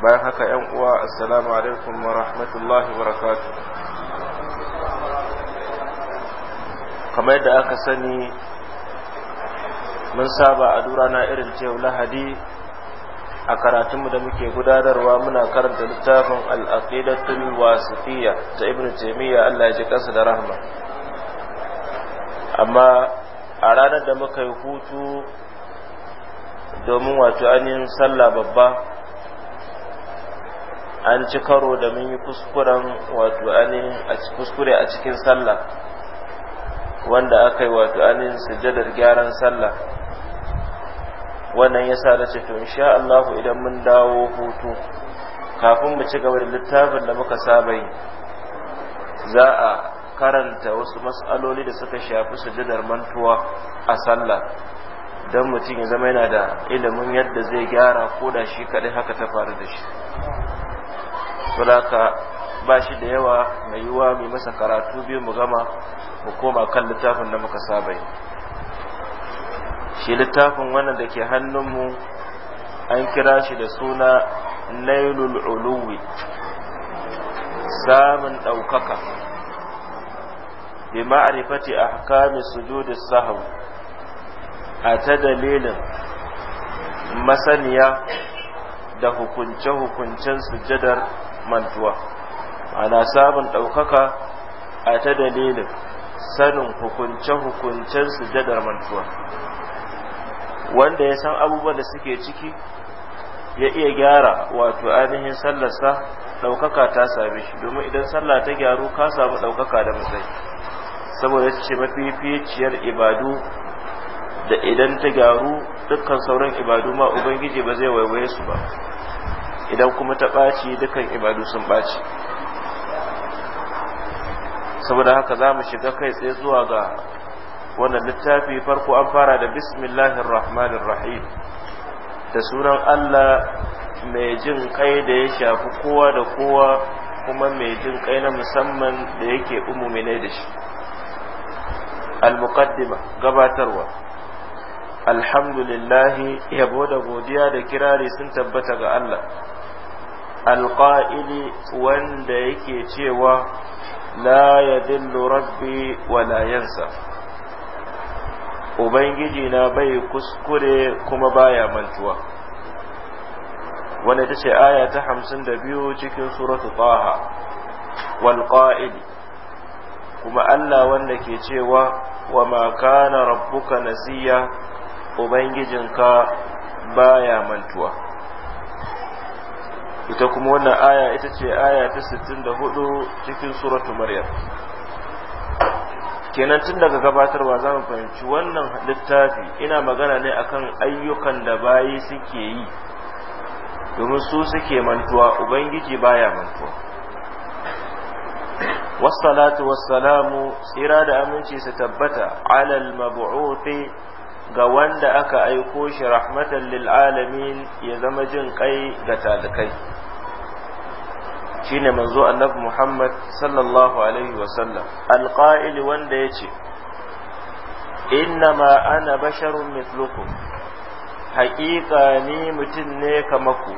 bayan haka yan uwa assalamu alaikum wa rahmatullahi wa barakatuh kamar yadda aka sani mun saba a dura na irin cewa lahadi a karatunmu da muke gudanarwa muna karanta littafin al'aqidatul wasifiyya ta ibnu taymiya Allah ya ji kansa da rahma amma a ranar da muka yi hutu domin wato ainihin sallah babba an ci karo da mun yi kuskuren wato anin a kuskure a cikin sallah wanda aka yi wato anin sujadar gyaran sallah wannan yasa sa da ce to insha Allah idan mun dawo hutu kafin mu ci gaba da littafin da muka saba yi za a karanta wasu masaloli da suka shafi sujadar mantuwa a sallah don mutum ya zama yana da ilimin yadda zai gyara ko da shi kaɗai haka ta faru da shi saboda ba shi da yawa mai yiwuwa mai masa karatu biyu mu gama mu koma kan littafin da muka saba yi shi littafin wannan da ke hannunmu an kira shi da suna nailul uluwi samun ɗaukaka bi ma'arifati ahkami sujudi sahu a ta dalilin masaniya da hukunce-hukuncen sujadar mantuwa ana samun ɗaukaka a ta dalilin sanin hukunce-hukuncen sujadar mantuwa wanda ya san abubuwan da suke ciki ya iya gyara wato ainihin sallarsa ɗaukaka ta sami shi domin idan sallah ta gyaru ka samu ɗaukaka da matsayi saboda ce mafificiyar ibadu da idan ta gyaru dukkan sauran ibadu ma ubangiji ba zai waiwaye su ba idan kuma ta ɓaci dukan ibadu sun ɓaci saboda haka za mu shiga kai tsaye zuwa ga wannan littafi farko an fara da bismillahir rahmanir rahim da sunan Allah mai jin kai da ya shafi kowa da kowa kuma mai jin kai na musamman da yake ne da shi al-muqaddima gabatarwa alhamdulillahi yabo da godiya da kirari sun tabbata ga Allah alƙa'ili wanda yake cewa la ya dillu rabbi wa ubangiji na bai kuskure kuma baya mantuwa wanda ta ce aya ta hamsin da biyu cikin suratu taha wal kuma Allah wanda ke cewa wa ma kana rabbuka nasiya ubangijinka baya mantuwa ita kuma wannan aya ita ce aya ta 64 cikin suratu maryam kenan tun daga gabatarwa za mu fahimci wannan littafi ina magana ne akan ayyukan da bayi suke yi domin su suke mantuwa ubangiji baya mantuwa Wasu salatu wasu salamu tsira da aminci su tabbata alal mabu'ufi ga wanda aka aiko shi rahmatan lil alamin ya zama jin kai ga talikai shine manzo annabi Muhammad sallallahu alaihi wasallam alqa'il wanda yace innama ana basharun mithlukum haƙiƙa ni mutum ne kamaku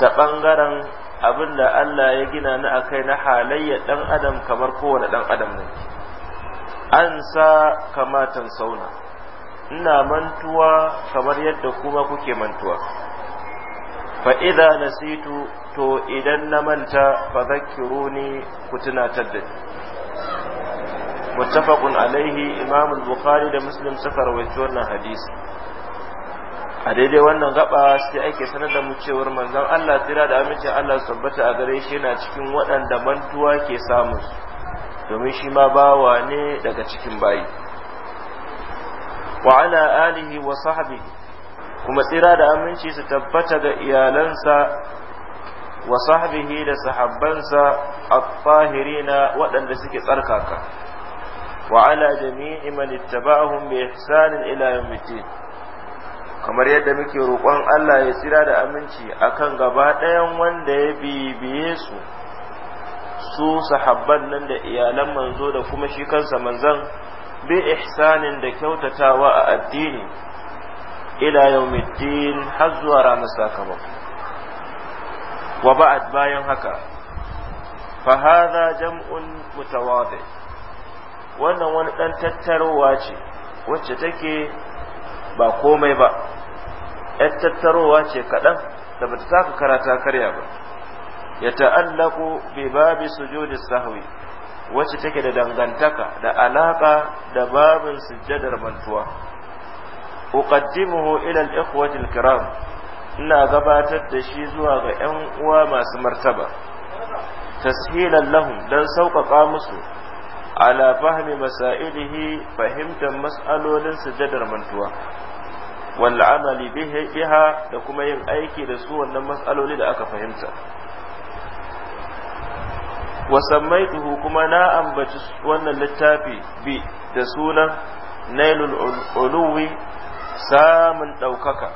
Da ɓangaren abin da Allah ya gina ni a kai na halayyar ɗan adam kamar kowane ɗan adam ne an sa kamatan sauna ina mantuwa kamar yadda kuma kuke mantuwa fa idza nasitu to idan na manta fa ne ku tunatar da ni alaihi imam al da muslim suka rawaito wannan hadisi a daidai wannan gaba sai ake sanar da mu cewar manzon Allah tira da aminci Allah su tabbata a gare shi yana cikin waɗanda mantuwa ke samu domin shi ma bawa ne daga cikin bayi wa ala alihi wa sahbihi kuma tsira da aminci su tabbata ga iyalansa wa sahbihi da sahabbansa at-tahirina waɗanda suke tsarkaka wa ala jami'i man ittaba'ahum bi ihsanin ila yawmiddin kamar yadda muke roƙon Allah ya tsira da aminci akan gaba ɗayan wanda ya bibiye su su sahabban nan da iyalan manzo da kuma shi kansa manzan bi ihsanin da kyautatawa a addini ila yawmiddin har zuwa ranar sakamako wa ba'ad bayan haka fa hadha jam'un mutawadi wannan wani dan tattarowa ce wacce take ba komai ba yar tattarowa ce kaɗan da bata taka karata karya ba ya ta'allaku bi babi sujudi sahwi wacce take da dangantaka da alaka da babin sujjadar mantuwa uqaddimuhu ila al-ikhwati al-kiram ina gabatar da shi zuwa ga ƴan uwa masu martaba tashilan lahum dan sauƙaƙa musu ala fahmi masailihi fahimtar mas'alolin sujjadar mantuwa wal amali biha da kuma yin aiki da su wannan mas'aloli da aka fahimta wa sammaituhu kuma na ambaci wannan littafi bi da sunan nailul uluwi samun ɗaukaka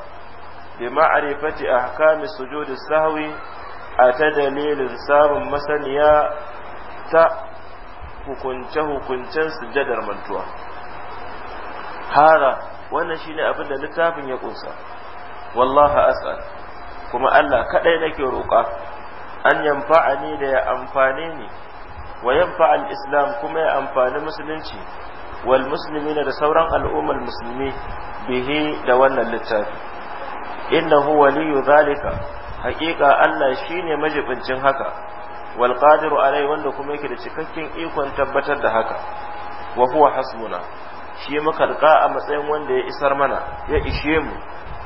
bi ma'arifati ahkami sujudi sahwi a ta dalilin samun masaniya ta hukunce-hukuncen sujadar mantuwa hara wannan shine abin da littafin ya kunsa wallaha as'al kuma Allah kaɗai nake roƙa an ni da ya amfane ni wa yamfa al-islam kuma ya amfani musulunci wal na da sauran al'ummar musulmi bihi da wannan littafi innahu waliyu zalika haƙiƙa Allah shine majibincin haka wal qadiru alai wanda kuma yake da cikakken ikon tabbatar da haka wa huwa hasbuna shi muka a matsayin wanda ya isar mana ya ishe mu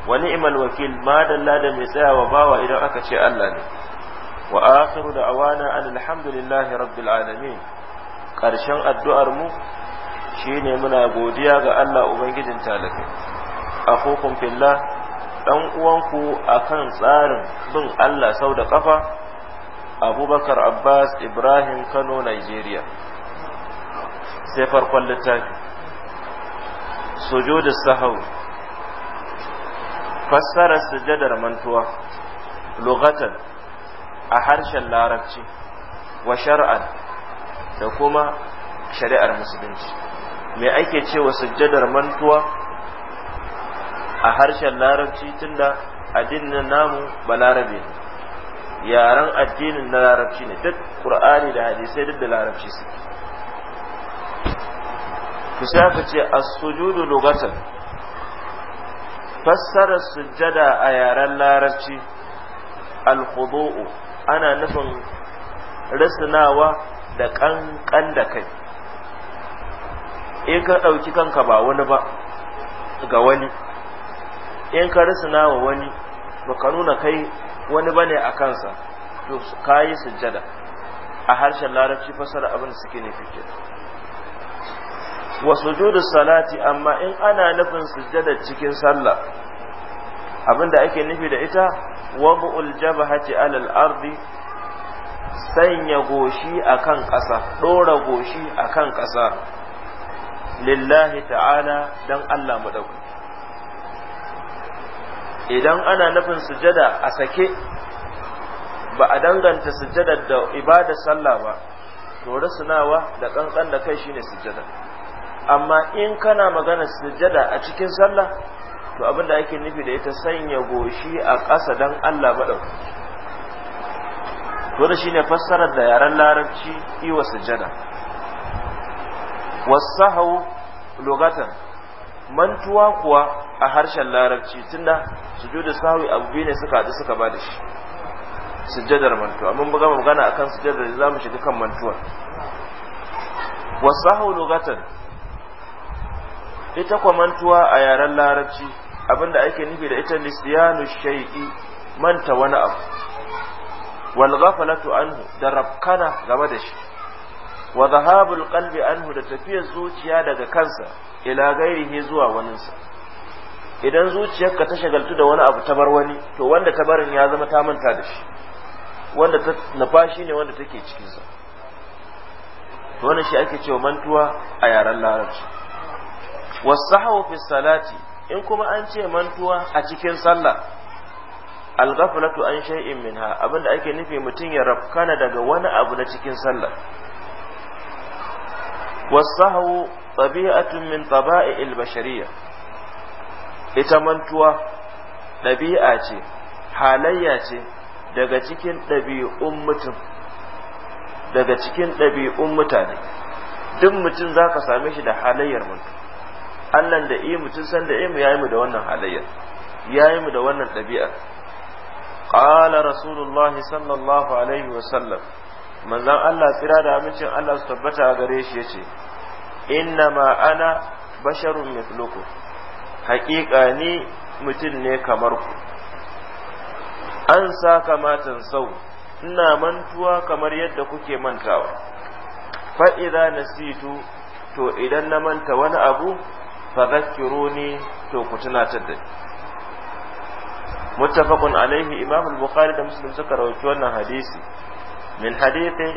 wa ni'mal wakil ma dalla da mai tsayawa bawa idan aka ce Allah ne وآخر دعوانا أن الحمد لله رب العالمين ƙarshen addu'ar mu shine muna godiya ga Allah Ubangijin talakai a filla ɗan uwanku akan tsarin bin Allah sau da ƙafa abubakar Abbas Ibrahim Kano Nigeria sai farkon littafi sujudus sahau fassarar sujadar mantuwa lugatan a harshen larabci wa shari'ar, da kuma shari'ar musulunci me ake ce wa sujjadar mantuwa a harshen larabci tunda addinin namu ba larabe yaren addinin na larabci ne duk qur'ani da hadisai duk da larabci su ku sai aka ce as-sujudu lugatan fassara sujjada a yaren larabci al-khudu'u ana nufin rasinawa da ƙanƙan da kai in ka ɗauki kanka ba wani ba ga wani in ka risinawa wani ka nuna kai wani ba ne a kansa to ka yi sujjada a harshen larabci fasara abin da suke nufi ke wa judu salati amma in ana nufin sujjada cikin sallah abinda ake nufi da ita uljaba jabhati alal ardi sanya goshi akan ƙasa dora goshi akan ƙasa lillahi ta'ala dan Allah madauki idan ana nufin sujada a sake ba a danganta sujada da ibada sallah ba to rasunawa da kankan da kai shine sujada amma in kana magana sujada a cikin sallah to abin da ake nufi da ita sanya goshi a ƙasa don Allah maɗau. to da shine fassarar da yaren larabci wa sujada wasahau lugatan mantuwa kuwa a harshen larabci tunda sujudu sahwi abu biyu ne suka haɗu suka ba da shi sujjadar mantuwa mun buga magana akan sujjadar da zamu shiga kan mantuwa wasahu lugatan ita kwa mantuwa a yaren larabci abinda ake nufi da ita nisyanu shay'i manta wani abu wal ghaflatu anhu da rabkana game da shi wa dhahabul qalbi anhu da tafiyar zuciya daga kansa ila gairihi zuwa sa idan zuciyarka ta shagaltu da wani abu ta bar wani to wanda ta barin ya zama ta manta da shi wanda ta ne wanda take cikinsa to wannan shi ake cewa mantuwa a yaren larabci wasu fi salati in kuma an ce mantuwa a cikin sallah alghaflatu an shay'in minha abinda ake nufi mutum ya rafkana daga wani abu na cikin sallah wasahu tabi'atun min tabai'il bashariyya ita mantuwa ɗabi'a ce halayya ce daga cikin ɗabi'un mutum daga cikin ɗabi'un mutane duk mutum zaka same shi da halayyar mutum Allah da imu tun san da imu yayi mu da wannan halayyar yayi mu da wannan ɗabi'ar qala rasulullahi sallallahu alaihi wa sallam Manzan Allah tsira da amincin Allah su tabbata gare shi yace inna ma ana basharun mithluku haƙiƙa ni mutum ne kamar ku an sa kamatan sau ina mantuwa kamar yadda kuke mantawa fa'ida nasitu to idan na manta wani abu fadhakkiruni to ku ta da muttafaqun alaihi imam al-bukhari da muslim suka rawaito wannan hadisi min hadisi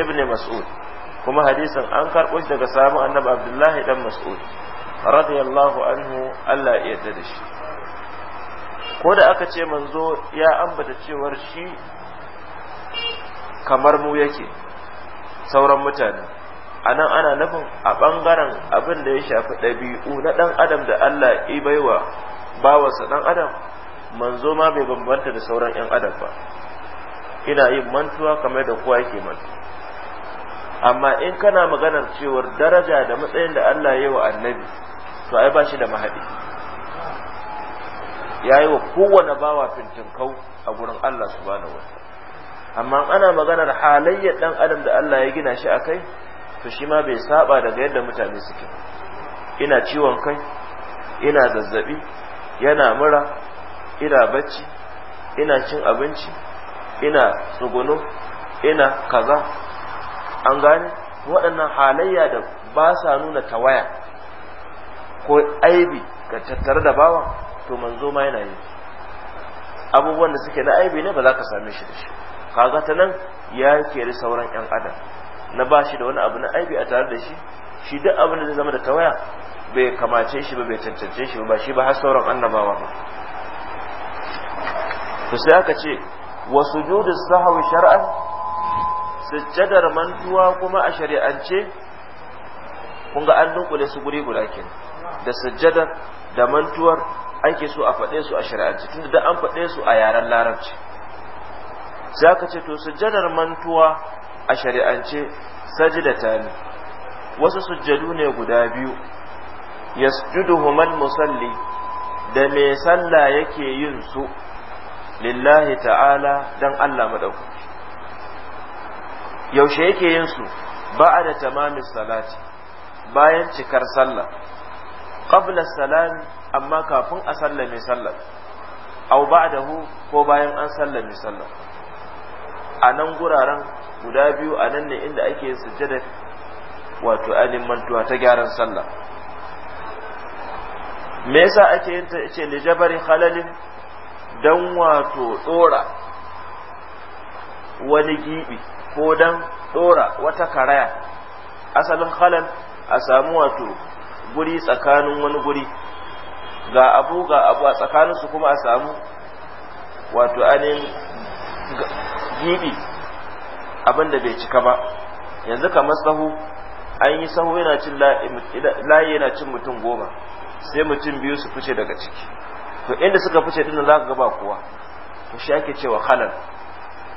ibni mas'ud kuma hadisin an karɓo shi daga samu annabi abdullahi dan mas'ud radiyallahu anhu Allah ya yarda da shi ko da aka ce manzo ya ambata cewar shi kamar mu yake sauran mutane anan ana nufin a ɓangaren abin da ya shafi ɗabi'u na ɗan adam da Allah ya baiwa bawansa ɗan adam manzo ma bai bambanta da sauran 'yan adam ba ina yin mantuwa kamar da kowa yake mantuwa amma in kana maganar cewar daraja da matsayin da Allah ya yi wa annabi to ai ba shi da mahadi. ya yi wa kowane bawa fintinkau a gurin Allah subhanahu wa amma ana maganar halayyar ɗan adam da Allah ya gina shi a kai to shi ma bai saba daga yadda mutane suke ina ciwon kai ina zazzabi yana mura ina bacci ina cin abinci ina tsuguno ina kaza an gane waɗannan halayya da ba sa nuna tawaya ko aibi ga tattare da bawa to manzo ma yana yi abubuwan da suke na aibi ne ba za ka same shi da shi kaga ta nan ya keri sauran 'yan adam na ba shi da wani abu na aibi a tare da shi shi duk abin da zai zama da tawaya bai kamace shi ba bai cancance shi ba shi ba har sauran annabawa ba. to sai aka ce wa sujudu sahwi shar'an sujjadar mantuwa kuma a shari'ance kun ga an dunkule su guri guda kenan da sujjadar da mantuwar ake so a faɗe su a shari'ance tunda da an faɗe su a yaren larabci sai aka ce to sujjadar mantuwa a shari'ance ta ne wasu sujjadu ne guda biyu yasjuduhumal musalli da me sallah yake yin su lillahi ta'ala dan Allah madaukaki yaushe yake yin su ba'a da tamamin salati bayan cikar sallah qabla salam amma kafin a sallame sallah aw ba'dahu ko bayan an sallame sallah a nan guraren guda biyu a nan ne inda ake yin sujjada wato ainihin mantuwa ta gyaran sallah me yasa ake yin ta ce jabari halalin dan wato tsora wani gibi ko dan tsora wata karaya asalin halal a samu wato guri tsakanin wani guri ga abu ga abu a tsakaninsu kuma a samu wato anin gibi abin da bai cika ba yanzu kamar sahu an yi sahu yana cin layi yana cin mutum goma sai mutum biyu su fice daga ciki to inda suka fice din za ka ga ba kowa to shi ake cewa halal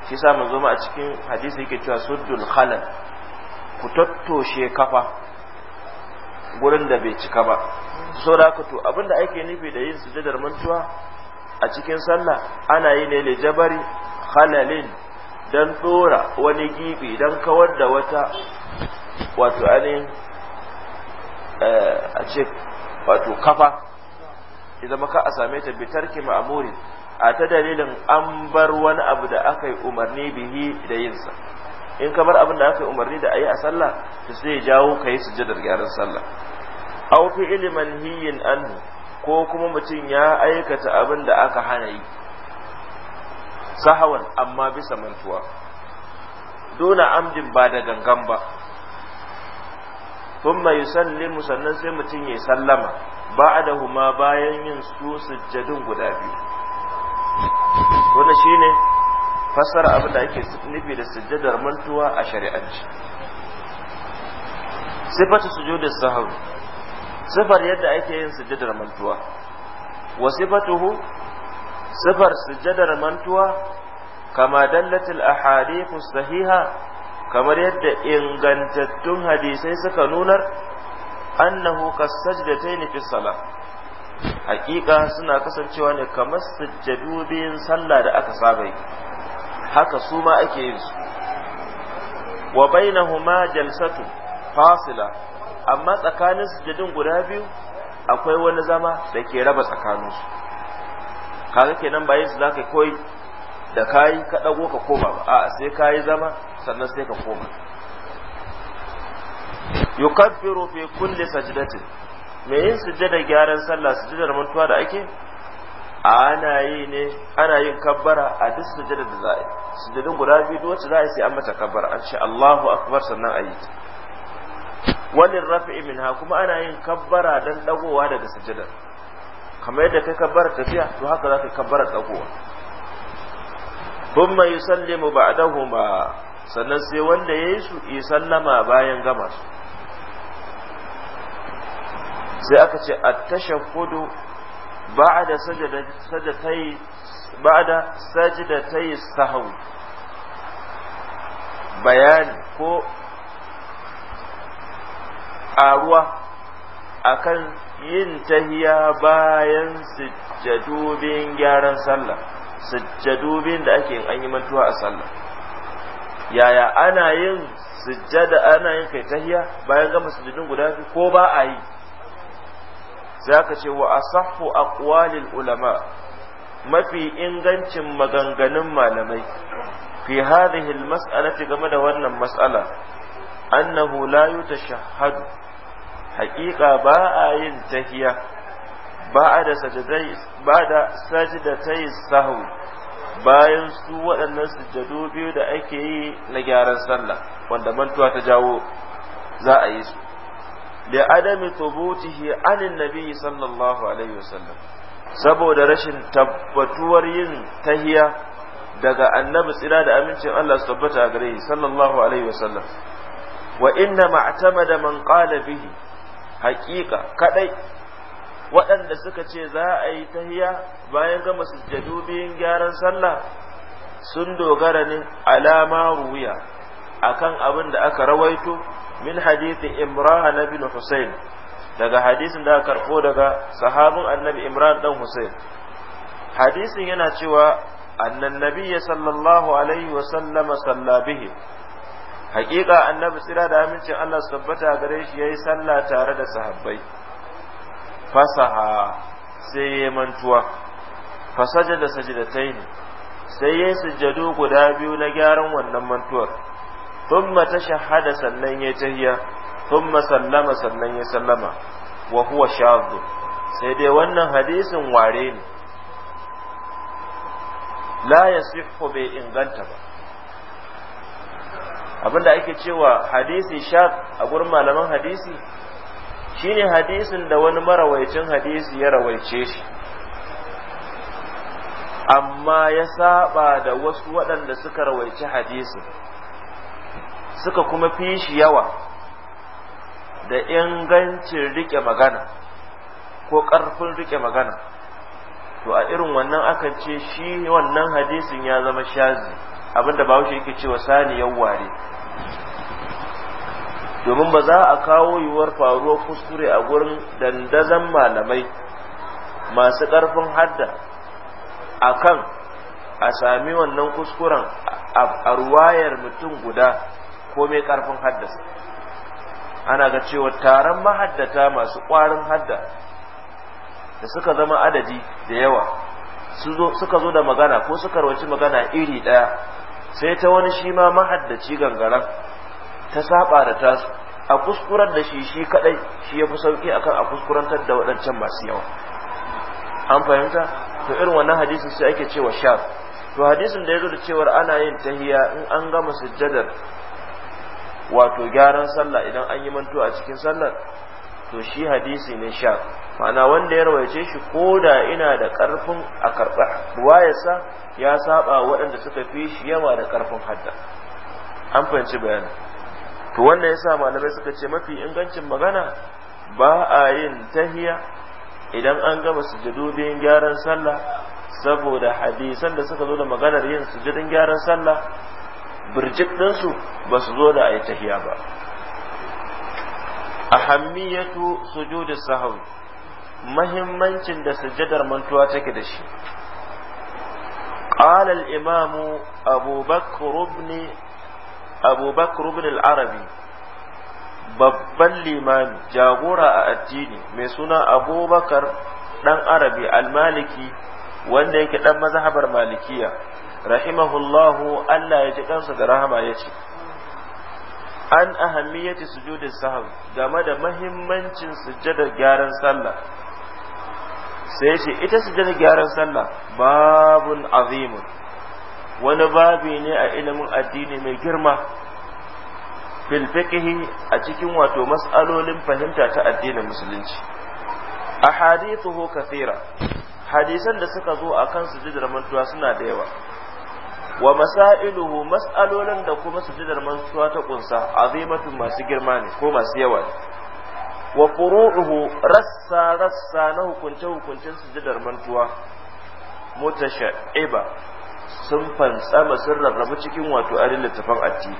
shi sa mun zoma a cikin hadisi yake cewa suddul halal ku tattoshe kafa gurin da bai cika ba saboda haka to abin da ake nufi da yin sujadar mantuwa a cikin sallah ana yi ne jabari halalin don dora wani gibi don kawar da wata wato ainihin eh, a ce wato kafa idan maka a same ta bitarki ma'amurin a ta dalilin an bar wani abu da aka yi umarni bihi da yinsa in kamar abin da aka yi umarni da a yi a sallah to sai jawo ka yi gyaran sallah aufi fi ilimin hiyin anhu ko kuma mutum ya aikata abin da aka hana yi sahawan amma bisa mantuwa dona amjin ba da gangan ba kun mai mu sannan sai mutum ya sallama ba da huma bayan yin su sujjadin guda biyu wannan shine fassara abin da ake nufi da sujjadar mantuwa a shari'anci sifatu sujudus sahwi sifar yadda ake yin sujjadar mantuwa wa sifatuhu sifar sujjadar mantuwa kama dallatul ahadithu sahiha kamar yadda ingantattun hadisai suka nunar annahu kasajdatayni fi salah hakika suna kasancewa ne kamar sujjadu biyun sallah da aka saba yi haka su ma ake yin su wa bainahuma jalsatu fasila amma tsakanin sujjadin guda biyu akwai wani zama da ke raba tsakaninsu kaga kenan ba yanzu zaka koyi da kayi ka dago ka koma ba a'a sai kayi zama sannan sai ka koma yukaffiru fi kulli sajdatin me yin sujjada gyaran sallah sujjadar mantuwa da ake ana yi ne ana yin kabbara a duk sujjada da za'a sujjadin guda biyu duk wacce za'a sai an mata kabbara an ce Allahu akbar sannan ayi Wani rafi'i minha kuma ana yin kabbara dan dagowa daga sujjadar kamar yadda kai kabbar tafiya to haka za ka kabbara ba thumma yusallimu ba'dahuma sannan sai wanda yayi su yi sallama bayan gama su sai aka ce a at-tashahhudu ba'da da ba'da yi sahwi bayani ko ƙaruwa akan yin tahiya bayan sujjadubin gyaran sallah sujjadubin da ake yin an yi mantuwa a sallah yaya ana yin sujjada ana yin kai tahiya bayan gama sujjadun guda biyu ko ba a yi zaka ce wa asahhu aqwalil ulama mafi ingancin maganganun malamai fi hadhihi almas'alati game da wannan mas'ala annahu la yutashahhadu haƙiƙa ba a yin tahiya ba a da da sajidatai sahu bayan su waɗannan sujjadu biyu da ake yi na gyaran sallah wanda mantuwa ta jawo za a yi su da adami tubutihi anin nabi sallallahu alaihi wasallam saboda rashin tabbatuwar yin tahiya daga annabi tsira da amincin Allah su tabbata gare shi sallallahu alaihi wasallam wa inna ma'tamada man qala bihi haƙiƙa kaɗai waɗanda suka ce za a yi tahiya bayan gama sujjadu biyun gyaran sallah sun dogara ne alama ruwiya akan abin da aka rawaito min hadisin imran na bin daga hadisin da aka karɓo daga sahabin annabi imran dan hussain. hadisin yana cewa annan sallallahu alaihi wa sallama sallabihi haƙiƙa annabi tsira da amincin Allah su tabbata gare shi yayi sallah tare da sahabbai fasaha sai yayi mantuwa fasaja fasajada sajdatain sai yayi sujjadu guda biyu na gyaran wannan mantuwar thumma tashahhada sannan yayi tahiyya thumma sallama sannan yayi sallama wa huwa shadd sai dai wannan hadisin ware ne la yasihhu bai inganta ba abinda ake cewa hadisi shaq a gurin malaman hadisi shine hadisin da wani marawaicin hadisi ya rawaice shi amma ya saba da wasu waɗanda suka rawaice hadisin suka kuma fi shi yawa da ingancin rike magana ko ƙarfin rike magana to a irin wannan akan ce shi wannan hadisin ya zama shazi abinda bahaushe yake cewa saniyar ware domin ba za a kawo yiwuwar faruwar kuskure a gurin dandazan malamai masu ƙarfin hadda akan a sami wannan kuskuren a ruwayar mutum guda ko mai ƙarfin haddasa ana ga cewa taron mahaddata masu ƙwarin hadda da suka zama adadi da yawa suka zo da magana ko suka rawaci magana iri ɗaya sai ta wani shi ma mahaddaci gangaran ta saba da tasu a kuskurar da shi shi kadai shi ya fi sauki akan a kuskurantar da waɗancan masu yawa an fahimta to irin wannan hadisin sai ake cewa sha to hadisin da ya zo da cewar ana yin tahiya in an gama sujjadar wato gyaran sallah idan an yi manto a cikin sallar to shi hadisi ne sha ma'ana wanda ya rawaice shi ko da ina da karfin a karɓa ruwayarsa ya saba waɗanda suka fi shi yawa da karfin hadda an fahimci bayanin to wannan yasa malamai suka ce mafi ingancin magana ba a yin tahiya idan an gama sujudu bayan gyaran sallah saboda hadisan da suka zo da maganar yin sujudin gyaran sallah birjik ɗinsu ba su zo da a yi tahiya ba ahammiyatu sujudi sahwi mahimmancin da sujadar mantuwa take da shi imam imamu bakr ibn abu bakr ibn al arabi babban limami jagora a addini mai suna abubakar dan arabi al maliki wanda yake dan mazhabar malikiya rahimahullahu Allah ya ji kansa da rahama ya ce an ahammiyati sujudin sahw game da mahimmancin sujjadar gyaran sallah sai ce ita sujjadar gyaran sallah babun azimun wani babi ne a ilimin addini mai girma fil a cikin wato mas'alolin fahimta ta addinin musulunci ahadithuhu kathira hadisan da suka zo a akan sujjadar mantuwa suna da yawa wa masailuhu mas'alolin da kuma sujudar mansuwa ta kunsa azimatun masu girma ne ko masu yawa wa furu'uhu rassa rassa na hukunce hukuncin sujudar mantuwa mutasha'iba sun fantsama sun rarrabu cikin wato adin littafan addini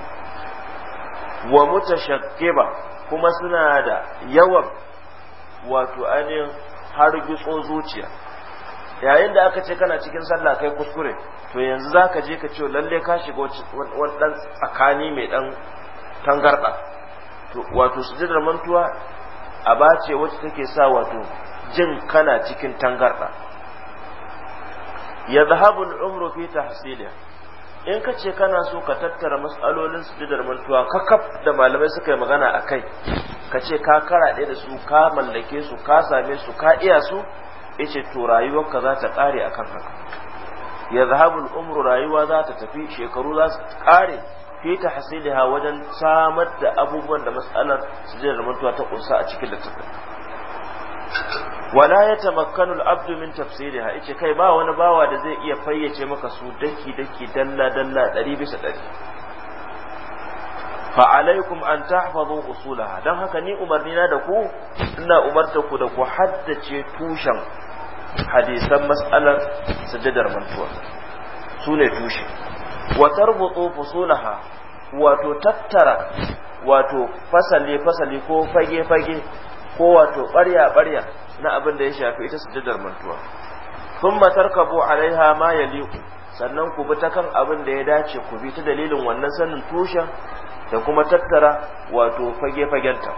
wa mutashakkiba kuma suna da yawan wato anin har gitso zuciya yayin da aka ce kana cikin sallah kai kuskure to yanzu za ka je ka ce lalle ka shiga wani dan tsakani mai ɗan tangarɗa wato sujadar mantuwa a bace wacce take sa wato jin kana cikin tangarɗa ya zahabu al'umru fi tahsilih in ka ce kana so ka tattara matsalolin sujudar mantuwa kakaf da malamai suka yi magana a kai ka ce ka kara da su ka mallake su ka same su ka iya su yace to rayuwarka za ta kare akan haka ya zahabul umru rayuwa za ta tafi shekaru za su kare fi ta hasiliha wajen samar da abubuwan da matsalar su je da mantuwa ta kunsa a cikin littafin wala ya tamakkanu al-abdu min tafsiriha yace kai ba wani bawa da zai iya fayyace maka su daki daki dalla dalla bisa 100 fa alaikum an tahfazu usulaha dan haka ni umarni na da ku ina umarta ku da ku haddace tushen hadisan mas'alar sujjadar mantuwa su ne tushe wa tarbutu fusulaha wato tattara wato fasali fasali ko fage fage ko wato ɓarya ɓarya na abin da ya shafi ita sujjadar mantuwa ka tarkabu alaiha ma yaliqu sannan ku bi ta kan abin da ya dace ku bi ta dalilin wannan sanin tushen da kuma tattara wato fage fagenta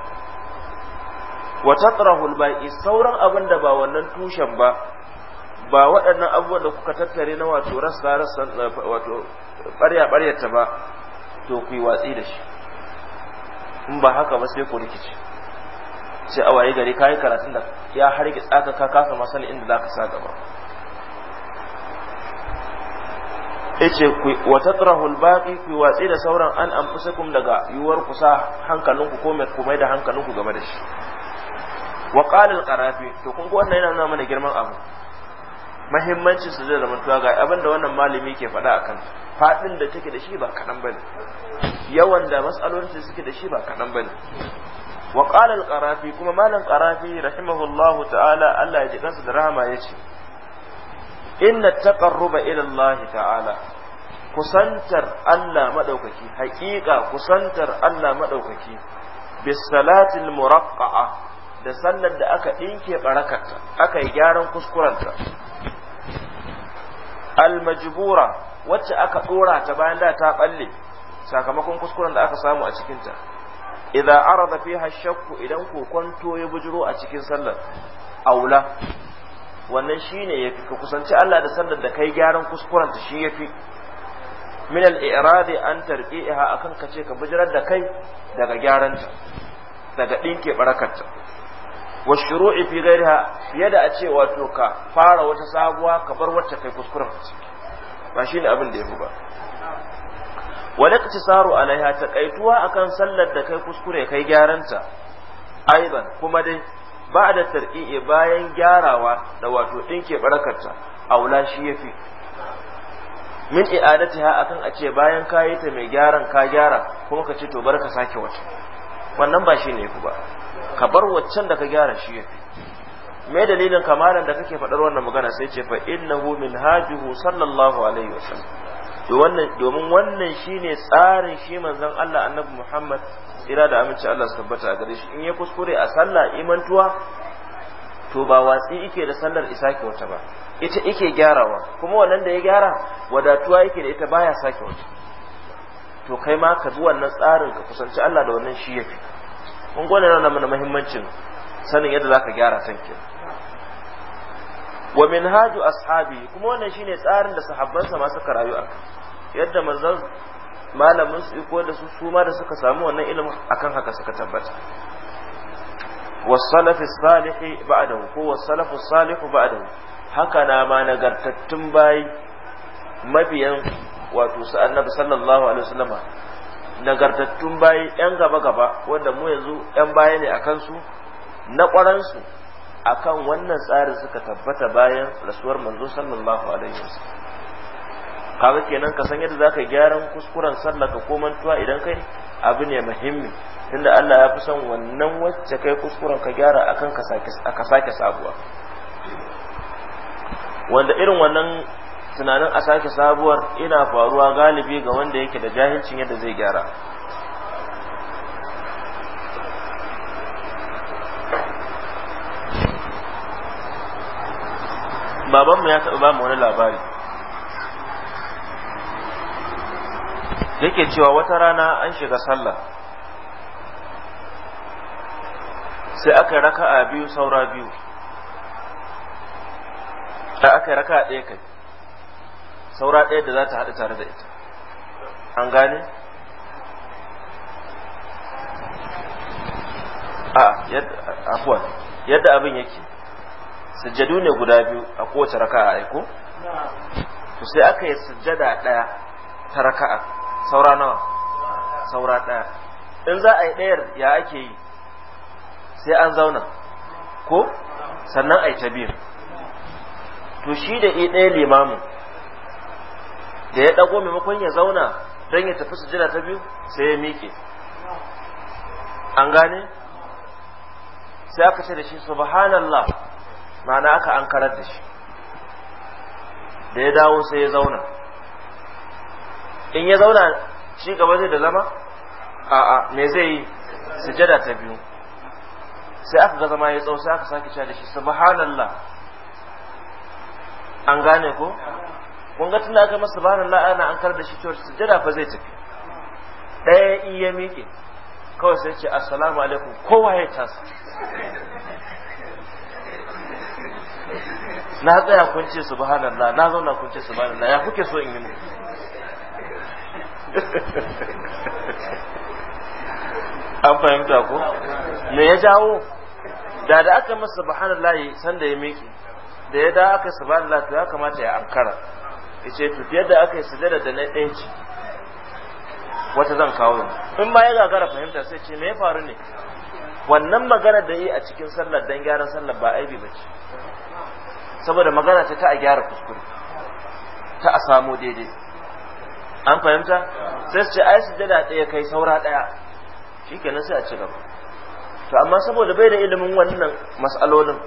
wa tatrahu al-ba'i sauran abin da ba wannan tushen ba ba waɗannan abubuwan da kuka tattare na wato rassa rasa wato ɓarya ta ba to ku yi watsi da shi in ba haka ba sai ku rikici sai a waye gari kayi karatun da ya harki tsaka ka kasa ma sanin inda zaka sa gaba yace wa tatrahu al-baqi ku watsi da sauran an anfusakum daga yuwar ku sa hankalinku ko mai da hankalinku game da shi wa qalil qarafi to kun ga wannan yana nuna mana girman abu mahimmancin su zai zama tuwa ga abin da wannan malami ke faɗa akan faɗin da take da shi ba kaɗan bane yawan da matsalolin suke da shi ba kaɗan bane wa qala al-qarafi kuma malam qarafi rahimahullahu ta'ala Allah ya ji kansa da rahama yace inna taqarruba ila Allah ta'ala kusantar Allah madaukaki haƙiƙa kusantar Allah madaukaki bis salatil muraqqa'a da sallar da aka ɗinke barakarta aka yi gyaran kuskurenta almajbura wacce aka ɗora ta bayan da ta ɓalle sakamakon kuskuren da aka samu a cikinta idan arada fiha shakku idan kwanto ya bujiro a cikin sallar aula wannan shine yafi ka kusanci Allah da sallar da kai gyaran kuskurenta shi yafi min al-i'radi an tarqiha akan kace ka bujirar da kai daga gyaranta daga dinke barakarta wa shuru'i fi ghairiha fiye da a ce wato ka fara wata sabuwa ka bar wacce kai kuskuren ka ciki ba shine abin da yafi ba wal iktisaru alaiha taqaituwa akan sallar da kai kuskure kai gyaranta aiban kuma dai ba da tarqi'i bayan gyarawa da wato dinke barakarta aula shi yafi min i'adatiha akan a ce bayan kayi ta mai gyaran ka gyara kuma ka ce to barka sake wata wannan ba shi shine yafi ba ka bar waccan da ka gyara shi fi. me dalilin kamalan da kake faɗar wannan magana sai ce fa innahu min hajihu sallallahu alaihi wasallam to wannan domin wannan shine tsarin shi manzon Allah annabi Muhammad tsira da aminci Allah su tabbata a gare shi in ya kuskure a sallah imantuwa to ba watsi ike da sallar isaki wata ba ita ike gyarawa kuma wannan da ya gyara wadatuwa yake da ita baya sake wata to kai ma ka bi wannan tsarin ka kusanci Allah da wannan shi fi. kun gwana yana mana muhimmancin sanin yadda za ka gyara tankin. wa minhaju ashabi kuma wannan shine tsarin da sahabbansa ma suka rayu a yadda manzon malamin su iko da su su ma da suka samu wannan ilimin akan haka suka tabbata والسلف ba'dahu ko هو salafu salihu ba'dahu haka na ma nagartattun bayi mabiyan wato su annabi sallallahu alaihi wasallama nagartattun bayi yan gaba gaba wanda mu yanzu yan baya ne akan su na kwaransu akan wannan tsarin suka tabbata bayan rasuwar manzo sallallahu alaihi wasallam ke kenan ka san yadda zaka gyara kuskuren sallah ka ko mantuwa idan kai abu ne muhimmi tunda Allah ya fi son wannan wacce kai kuskuren ka gyara akan ka sake sabuwa wanda irin wannan tunanin a sake sabuwar ina faruwa galibi ga wanda yake da jahilcin yadda zai gyara babanmu ya taɓa ba mu wani labari yake cewa wata rana an shiga sallah sai aka raka a biyu saura biyu da aka raka a ɗaya kai saura ɗaya da za ta haɗu tare da ita an gane a yadda yadda abin yake sujjadu ne guda biyu a kowace raka a aiko to sai aka yi sujjada ɗaya ta raka'a saura nawa saura ɗaya in za a yi ɗayar ya ake yi sai an zauna ko sannan a yi ta biyu to shi da ɗaya limamin da ya dago maimakon ya zauna don ya tafi sujada ta biyu sai ya miƙe an gane sai aka ce da shi subhanallah ma'ana aka ankarar da shi da ya dawo sai ya zauna in ya zauna shi gaba zai da zama a'a me zai yi sujada ta biyu sai aka ga zama ya tsawo sai aka sake cewa da shi subhanallah an gane ko kun ga tun aka masa subhanallah ana an kar da shi cewa sujjada fa zai tafi ɗaya iya miƙe kawai sai ce assalamu alaikum kowa ya tasa na tsaya kun ce subhanallah na zauna kun ce subhanallah ya kuke so in yi an fahimta ko me ya jawo da da aka masa subhanallah sanda ya miƙe da ya da aka subhanallah to ya kamata ya ankara yace to yadda aka yi sujada da na ɗaya wata zan kawo in ma ya gagara fahimta sai ce me ya faru ne wannan magana da yi a cikin sallar dan gyaran sallar ba aibi ba ce saboda magana ta ta a gyara kuskure ta a samu daidai an fahimta sai su ce ai sujada ɗaya kai saura ɗaya shikenan sai a ci gaba to amma saboda bai da ilimin wannan mas'alolin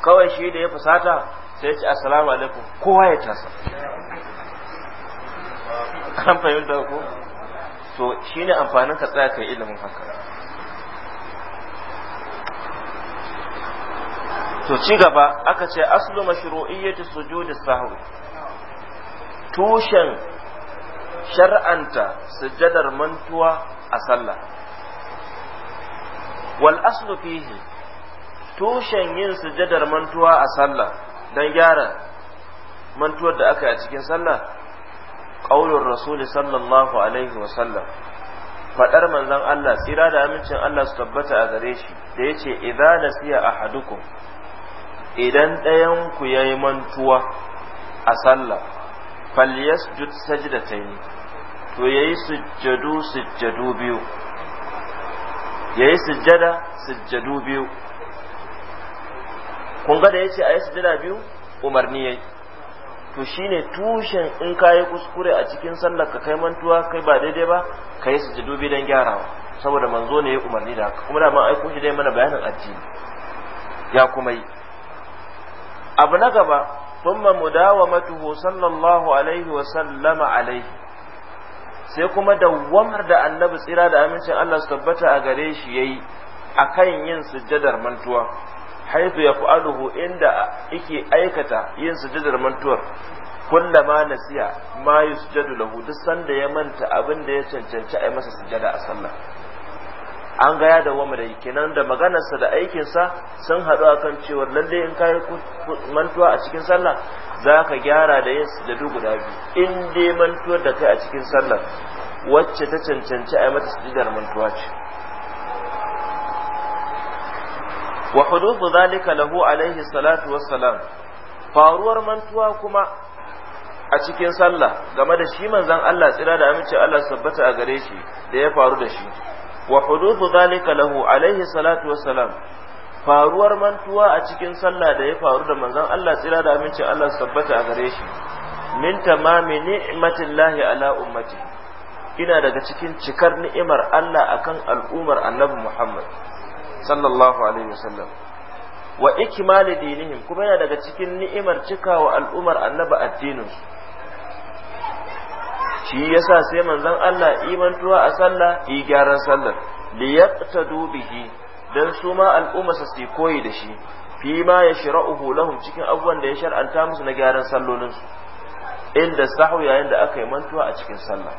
kawai shi da ya fusata sai ya ce assalamu alaikum kowa ya tasa an fahimta ko to shine amfanin ka tsaya kai ilimin haka to ci gaba aka ce aslu mashru'iyyati sujudi sahwi tushen shar'anta sujadar mantuwa a sallah wal aslu fihi tushen yin sujadar mantuwa a sallah don gyara mantuwar da aka yi a cikin sallah ƙaunar rasuli sallallahu alaihi wa sallam faɗar manzon Allah tsira da amincin Allah su tabbata a gare shi da ya ce idan nasiya ahadukum idan ku ya yi mantuwa a sallah falyasjud sajdatayni to yayi sujjadu sujjadu biyu yayi sujjada sujjadu biyu kun ga da yace ayi sujada biyu umarni yayi to shine tushen in kayi kuskure a cikin sallar ka kai mantuwa kai ba daidai ba kai sujudu bi dan gyarawa saboda manzo ne ya umarni da haka kuma da ma aiko shi dai mana bayanin addini ya kuma yi abu na gaba thumma mudawamatuhu sallallahu alaihi wa sallama alaihi sai kuma dawwamar da annabi tsira da amincin Allah su tabbata a gare shi yayi akan yin sujjadar mantuwa haifu ya fa'aluhu inda ake aikata yin sujadar mantuwar kullama nasiya ma sujadu lahu duk sanda ya manta abin da ya cancanci a masa sujada a sallah an gaya da dawwama da kenan da maganarsa da aikinsa sun haɗu a kan cewar lalle in kayi mantuwa a cikin sallah za ka gyara da yin sujadu guda biyu in dai mantuwar da kai a cikin sallah wacce ta cancanci a mata sujadar mantuwa ce wa hududu zalika lahu alaihi salatu wassalam faruwar mantuwa kuma a cikin sallah game da shi manzon Allah tsira da amince Allah sabbata a gare shi da ya faru da shi wa hududu zalika lahu alaihi salatu wassalam faruwar mantuwa a cikin sallah da ya faru da manzon Allah tsira da amince Allah sabbata a gare shi min tamami lahi ala ummati ina daga cikin cikar ni'imar Allah akan al'ummar Annabi Muhammad sallallahu alaihi wasallam wa ikmali dinihim kuma yana daga cikin ni'imar cikawa al'umar annaba addinin su shi yasa sai manzon Allah imantuwa a sallah yi gyaran sallar li yaqtadu bihi dan su ma al'ummarsa su koyi da shi fi ma yashra'uhu lahum cikin abubuwan da ya shar'anta musu na gyaran sallolinsu inda sahu yayin da aka yi mantuwa a cikin sallah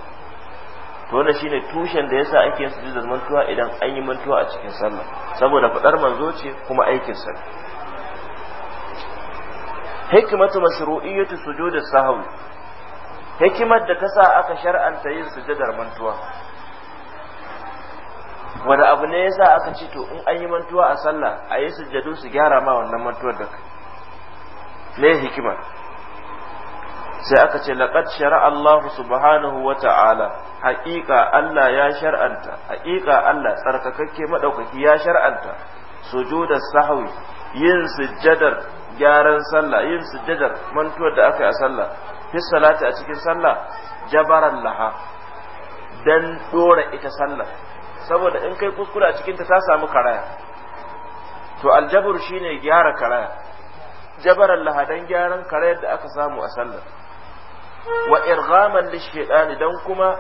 to wannan shine tushen da yasa ake sujudar mantuwa idan an yi mantuwa a cikin sallah saboda fadar manzo ce kuma aikin sa hikmatu mashru'iyyatu sujudi sahwi hikimar da kasa aka shar'anta yin sujudar mantuwa wanda abu ne yasa aka ce to in an yi mantuwa a sallah a yi sujjadu su gyara ma wannan mantuwar da kai ne hikimar sai aka ce laqad shara Allah subhanahu wa ta'ala haƙiƙa Allah ya shar'anta haƙiƙa Allah tsarkakakke madaukaki ya shar'anta sujudar sahwi yin sujjadar gyaran sallah yin sujjadar mantuwar da aka yi a sallah fi salati a cikin sallah jabaran laha dan dora ita sallah saboda in kai kuskure a cikin ta ta samu karaya to aljabur shine gyara karaya jabaran laha dan gyaran karayar da aka samu a sallah wa irghaman lishaytan dan kuma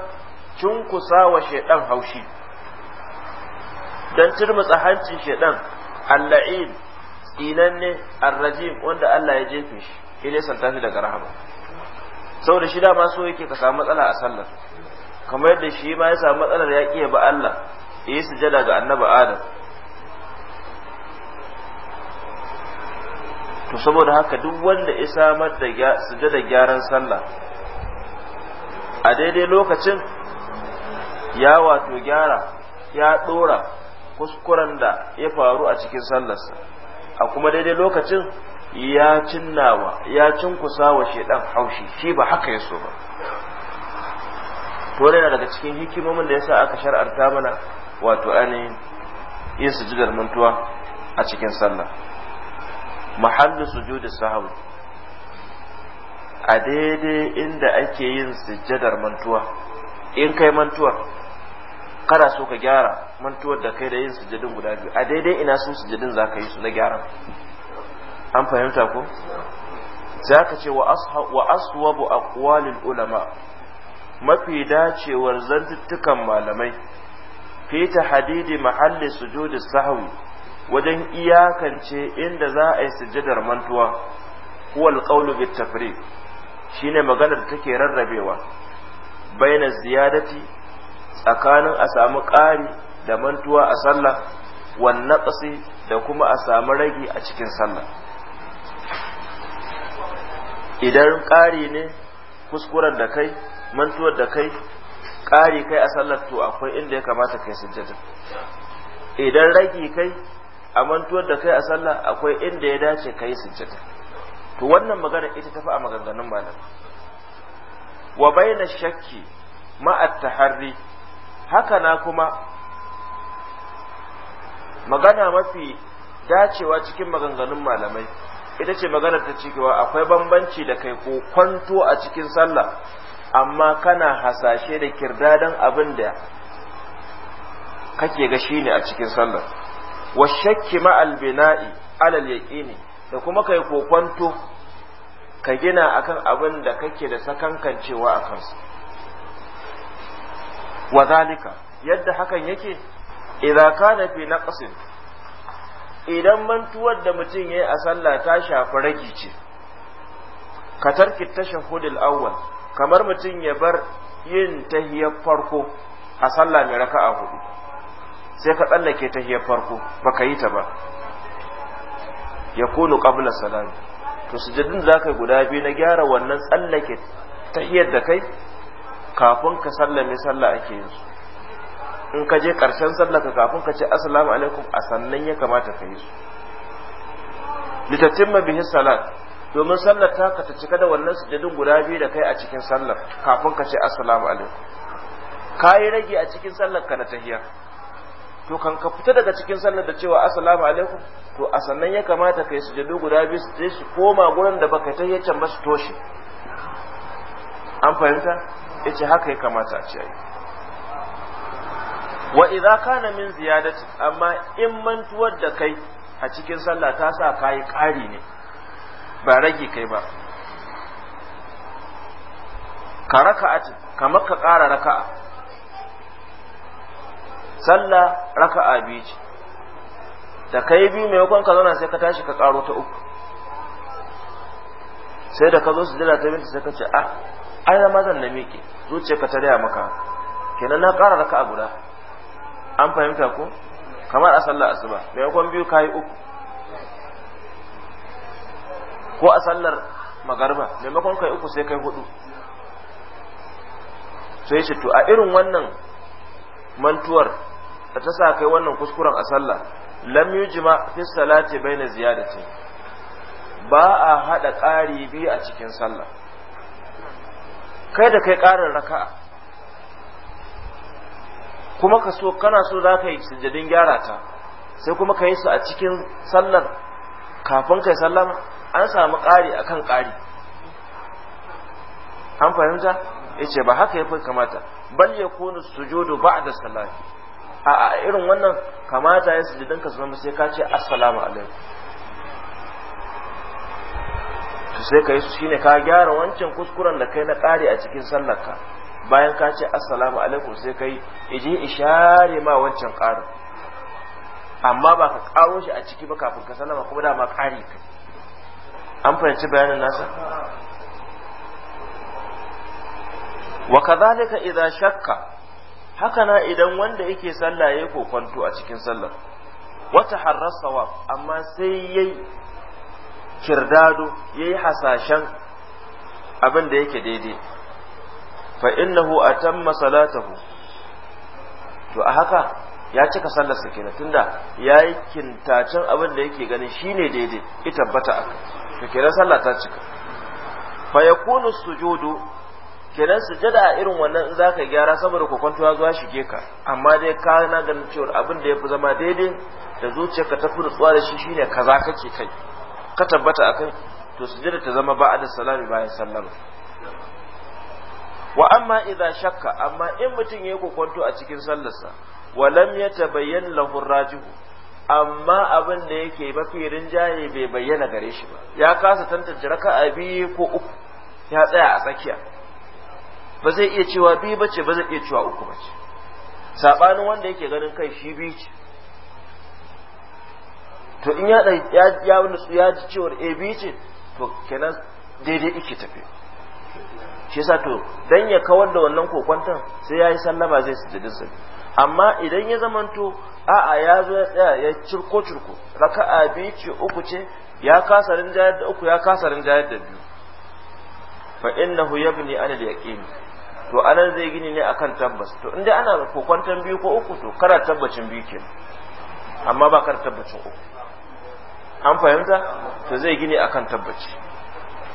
cunkusa wa shaytan haushi dan turmutsa hancin shaytan alla'in tsinanne arrajim wanda Allah ya jefe shi ile santa shi daga rahama saboda shi dama so yake ka samu matsala a sallar kamar yadda shi ma ya samu matsalar ya ƙi ba Allah ya yi sujada ga annabi Adam to saboda haka duk wanda ya samar da sujada gyaran sallah a daidai lokacin ya wato gyara ya ɗora kuskuren da ya faru a cikin sallarsa a kuma daidai lokacin ya cinnawa ya cinkusa wa shedan haushi shi ba haka ya so ba to na daga cikin hikimomin da yasa aka shar'arta mana wato ainihin yin sujudar mantuwa a cikin sallah mahallu sujudi sahabu a daidai inda ake yin sujjadar mantuwa in kai mantuwar kada so ka gyara mantuwar da kai da yin sujjadin guda biyu a daidai ina sun sujjadin za ka yi su na gyaran an fahimta ko za ka ce wa aswabu aqwalil ulama mafi dacewar zantuttukan malamai fi tahdidi mahalli sujudi sahwi wajen iyakance inda za a yi sujjadar mantuwa huwa alqawlu bit tafriq shine maganar da take rarrabewa bayna ziyadati tsakanin a samu ƙari da mantuwa a sallah wan naqsi da kuma a samu rage a cikin sallah idan ƙari ne kuskuren da kai mantuwar da kai ƙari kai a sallar to akwai inda ya kamata kai sujjada idan ragi kai a mantuwar da kai a sallah akwai inda ya dace kai sujjada to wannan magana ita tafi a maganganun malam wa baina shakki at taharri haka na kuma magana mafi dacewa cikin maganganun malamai ita ce maganar ta cewa akwai bambanci da kai ko kwanto a cikin sallah amma kana hasashe da kirdadan abin da kake ga shine a cikin sallah wa shakki al bina'i alal yaqini da kuma kai kokwanto ka gina akan abin da kake da sakankancewa a kansa wa yadda hakan yake idza kana fi naqsin idan mantuwar da mutum yayi a sallah ta shafi ragi ce ka tarki hudul awwal kamar mutum ya bar yin tahiyar farko a sallah mai raka'a hudu sai ka tsallake tahiyar farko baka yi ta ba yakunu qabla salam to sujudin da kai guda biyu na gyara wannan tsallake tahiyar da kai kafin ka sallame sallah ake yin su in ka je karshen sallaka kafin ka ce asalamu alaikum a sannan ya kamata ka yi su litattimma bihi salat domin sallar ta ka ta cika da wannan sujudin guda biyu da kai a cikin sallar kafin ka ce asalamu alaikum ka yi rage a cikin sallar ka na tahiyar to kan ka fita daga cikin sallar da cewa assalamu alaikum to a sannan ya kamata kai sujudu guda biyu su je su koma gurin da baka tayi can ba su toshe an fahimta yace haka ya kamata a ce ai wa idza kana min ziyadati amma in mantuwar da kai a cikin sallah ta sa kai ƙari ne ba rage kai ba ka raka'a kamar ka ƙara raka'a sallah raka'a biyu Da da kai biyu maimakon ka zauna sai ka tashi ka karo ta uku sai da ka zo su jira ta binta sai ka ce a, ah, ai na mazan na miƙe zuciya ka ta daya maka kenan na ƙara raka'a guda an fahimta ko kamar a sallar asuba maimakon biyu yi uku ko a sallar magarba maimakon kai uku sai kai hudu sai shi to a irin wannan mantuwar da ta sa kai wannan kuskuren a sallah lam yujma fi salati na ziyadati ba a haɗa ƙari biyu a cikin sallah kai da kai ƙarin raka'a kuma ka so kana so za ka yi sujadin gyara ta sai kuma ka yi su a cikin sallar kafin kai sallama an samu ƙari akan ƙari an fahimta yace ba haka yafi kamata bal yakunu sujudu ba'da salati a a irin wannan kamata ya sujudin ka zama sai ka ce assalamu alaikum to sai ka yi su shine ka gyara wancan kuskuren da kai na kare a cikin sallar ka bayan ka ce assalamu alaikum sai kai iji ishare ma wancan karin amma ba ka karo shi a ciki ba kafin ka sallama kuma ma kare ka an fahimci bayanin nasa wa kadhalika idza shakka haka na idan wanda yake sallah yayi kokonto a cikin sallar wata taharras sawab amma sai yayi kirdado yayi hasashen abin da yake daidai fa innahu atamma salatahu to a haka ya cika sallar sa kenan tunda yayi kintacen abin da yake ganin shine daidai ita tabbata aka to kenan sallah ta cika fa yakunu sujudu kenan sujada a irin wannan in zaka gyara saboda kokonto ya zuwa shige ka amma dai ka na ganin cewa abin da yafi zama daidai da zuciyarka ta fi nutsuwa da shi shine kaza kake kai ka tabbata akan to sujada ta zama a da salami bayan sallar wa amma idza shakka amma in mutum yayi kokonto a cikin sallarsa walam yatabayyan lahu rajihu amma abin da yake mafi rinjaye bai bayyana gare shi ba ya kasa tantance raka'a biyu ko uku ya tsaya a tsakiya ba zai iya cewa biyu bace ba zai iya cewa uku bace sabanin wanda yake ganin kai shi biyu ce to in ya ya nutsu ya ji cewar a eh, biyu ce to kenan daidai ike tafi shi yasa to dan ya kawar da wannan kokwantan sai ya yi sallama zai su jidin sa amma idan ya zamanto a'a ya zo ya tsaya ya cirko cirko raka'a biyu ce uku ce ya kasa rinjayar da uku ya kasa rinjayar da biyu fa innahu yabni ala al-yaqin to anan zai gini ne akan tabbas to inda ana kokwantan biyu ko uku to kana tabbacin biyu ke amma ba kar tabbacin uku an fahimta to zai gini akan tabbaci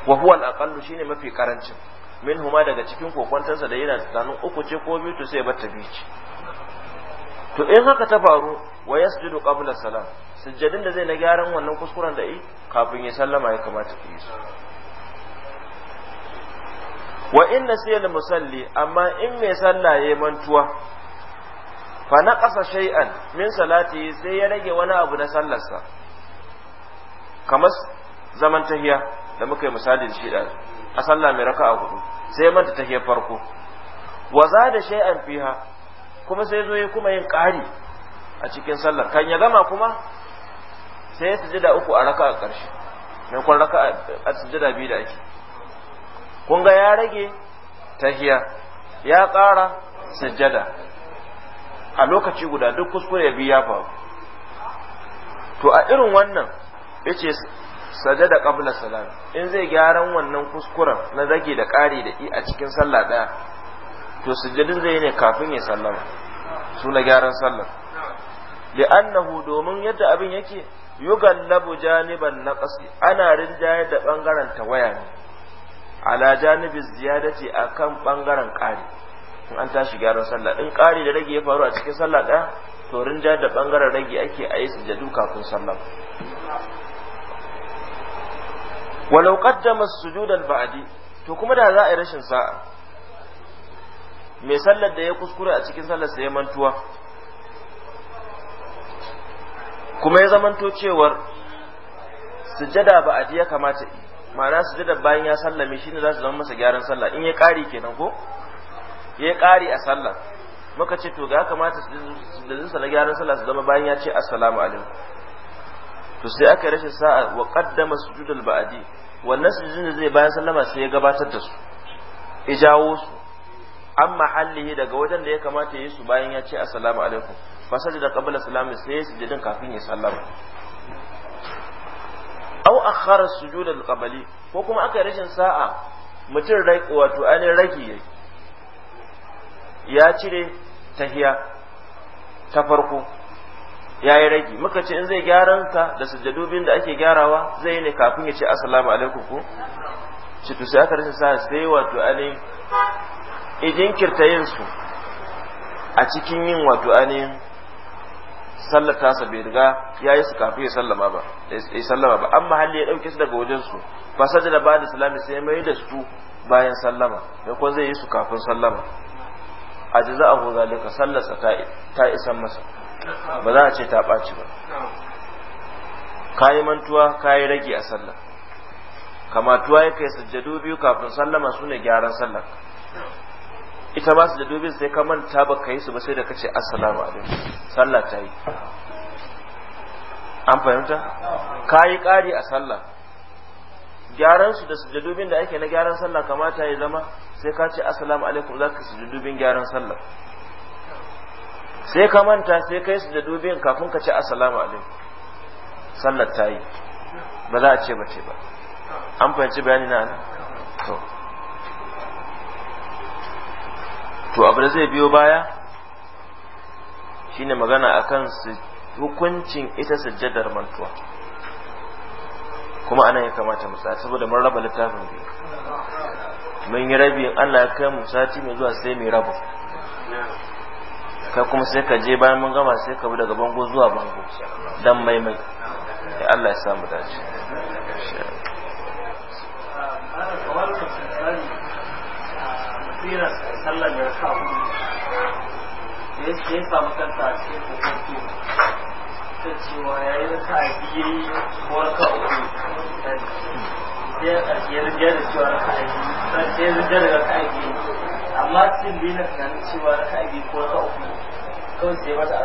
wa huwa al shine mafi karancin min huma daga cikin kokwantansa da yana tsakanin uku ce ko biyu to sai bata biyu ce to in haka ta faru wa yasjudu qabla salam sujjadin da zai na gyaran wannan kuskuren da yi kafin ya sallama ya kamata ya yi su wa inna siyal musalli amma in mai sallah yayi mantuwa fa naqasa shay'an min salati sai ya rage wani abu na sallarsa kamar zaman tahiya da muka yi misali da shi da a sallah mai raka'a hudu sai ya manta tahiyar farko wa zada shay'an fiha kuma sai zo kuma yin ƙari a cikin sallar kan ya gama kuma sai ya sujada uku a raka'a ƙarshe mai kwan raka'a a sujada biyu da ake kun ga ya rage tahiya ya ƙara sajjada a lokaci guda duk kuskure ya bi ya faru to a irin wannan yace sajada qabla salam in zai gyaran wannan kuskuren na rage da ƙari da i a cikin sallah ɗaya to sujjadin zai ne kafin ya sallama suna gyaran sallar li'annahu domin yadda abin yake yugallabu janiban naqsi ana rinjayar da bangaren tawaya ne ala janibi ziyadati akan bangaren ƙari in an tashi gyaran sallah in ƙari da rage ya faru a cikin sallah ɗaya to rinja da bangaren rage ake a yi sujadu kafin sallah walau qaddama sujud al ba'di to kuma da za a yi rashin sa'a mai sallar da ya kuskure a cikin sallar sai ya mantuwa kuma ya zamanto cewar sujada ba'adi ya kamata yi ma'ana sujada bayan ya sallame shi ne za su zama masa gyaran sallah in ya ƙari kenan ko ya ƙari a sallah muka ce to ga kamata zinsa na gyaran sallah su zama bayan ya ce assalamu alaikum to sai aka rashin sa'a wa su sujudul ba'adi wannan su da zai bayan sallama sai ya gabatar da su ya jawo su an mahallihi daga wajen da ya kamata ya yi su bayan ya ce assalamu alaikum da kabbala salamu sai ya sujudin kafin ya sallama aw akhara sujud al-qabli ko kuma aka rashin sa'a mutum rai wato an rage yayi ya cire tahiya ta farko ya yi rage muka ce in zai gyaran ka da sujadubin da ake gyarawa zai ne kafin ya ce assalamu alaikum ko shi to sai aka rashin sa'a sai wato ainihin ijinkirta yin su a cikin yin wato anin. sallar tasa bai riga ya yi su kafin ya sallama ba ya sallama ba amma hali ya dauke su daga wajen su fa sajada ba da salami sai ya mai da su bayan sallama da ko zai yi su kafin sallama ajiza abu zalika sallasa ta isan masa ba za a ce ta baci ba kayi mantuwa kayi rage a sallah kamatuwa yake sujjadu biyu kafin sallama sune gyaran sallah ita ba su da dubin sai ka manta ba ka yi su ba sai da ka ce assalamu alaikum sallah ta yi an fahimta ka yi ƙari a sallah gyaran su da su da ake na gyaran sallah kamata ya zama sai ka ce assalamu alaikum za ka dubin gyaran sallah sai ka manta sai ka da dubin kafin ka ce assalamu alaikum sallah ta yi ba za a ce ba ce ba an fahimci bayani na to to abu da zai biyo baya shine magana akan hukuncin ita sajjadar mantuwa kuma anan ya kamata mu tsaya saboda mun raba littafin biyu mun yi rabi in Allah ya kai mu sati mai zuwa sai mai rabu ka kuma sai ka je bayan mun gama sai ka bi daga bango zuwa bango dan maimai Allah ya samu dace biran sallar da raka hudu da ya samu kanta a cikin hukunto ta cewa ya yi raka biyu ko raka uku ya riga da cewa raka biyu ya riga da raka biyu amma cikin biyu na tunanin cewa raka biyu ko raka uku kawai sai mata ya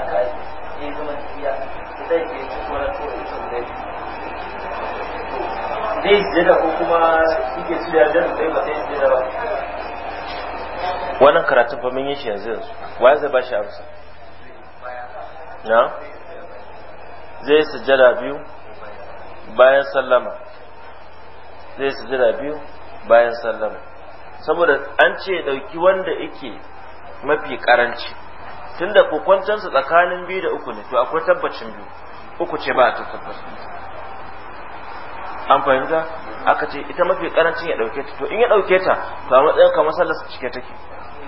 zama tafiya da zai ke ko raka uku da biyu zai jira ko kuma su da kai ba zai jira ba wannan karatun fa mun yi shi yanzu yanzu waye zai ba shi amsa na zai sujjada biyu bayan sallama zai sujjada biyu bayan sallama saboda an ce dauki wanda yake mafi karanci tunda kokwancansa tsakanin biyu da uku ne to akwai tabbacin biyu uku ce ba a tabbas an fahimta aka ce ita mafi karancin ya dauke ta to in ya dauke ta to a matsayin kamar sallar cike take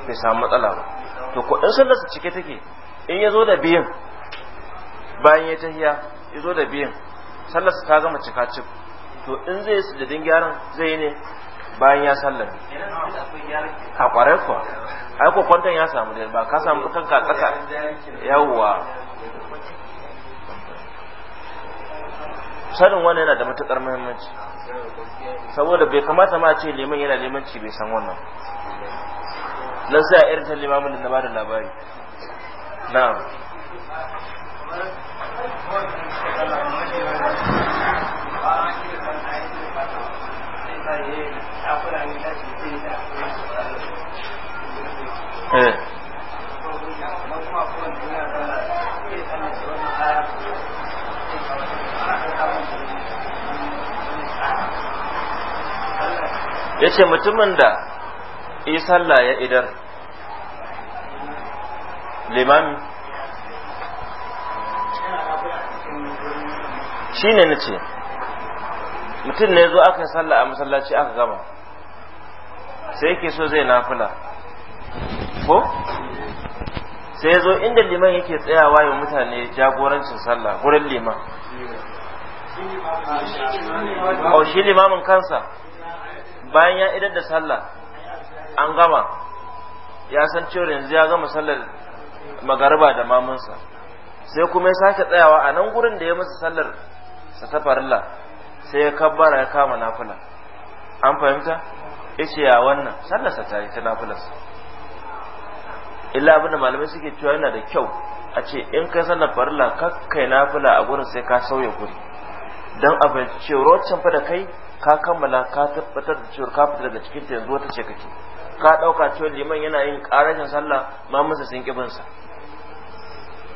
bai samu matsala ba to ko in sallarsa cike take in ya zo da biyan bayan ya tahiya ya zo da biyan sallarsa ta gama cika cik to in zai su sujadin gyaran zai ne bayan ya sallar a kwarar kuwa ai ko kwantan ya samu da ba ka samu kanka tsaka yawwa sanin wannan yana da matukar muhimmanci saboda bai kamata ma ce liman yana limanci bai san wannan nan sai a irin ta limamin da na bada labari na'am eh. ya ce mutumin da i sallah ya idar limami shi ne nace mutum ne zo aka sallah a masallaci aka gama sai yake so zai nafila ko sai zo inda liman yake tsayawa ya mutane jagorancin sallah gurin liman o shi limamin kansa bayan ya idar da sallah an gama ya san cewa yanzu ya gama sallar magariba da mamunsa sai kuma ya sake tsayawa a nan gurin da ya masa sallar sa sai ya kabbara ya kama nafila an fahimta yace ya wannan sallar sa ta yi ta nafilarsa illa abin da malamai suke cewa yana da kyau a ce in kai sallar farilla kakkai nafila a gurin sai ka sauya guri dan a fahimci cewa waccan fa da kai ka kammala ka tabbatar da cewa ka fita daga cikin ta yanzu wata ce kake ka ɗauka cewa liman yana yin ƙarashin sallah ma masa sun ƙibinsa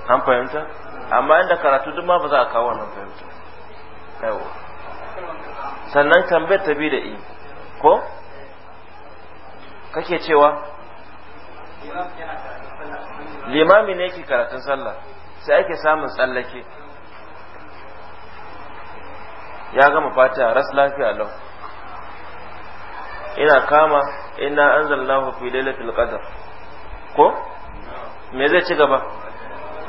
an fahimta amma inda karatu duk ma ba za a kawo wannan fahimta yawa sannan tambayar ta bi da i ko kake cewa limami ne yake karatun sallah sai ake samun tsallake ya gama fata ras lafiya lau ina kama inna anzalnahu fi lailatul qadr ko me zai ci gaba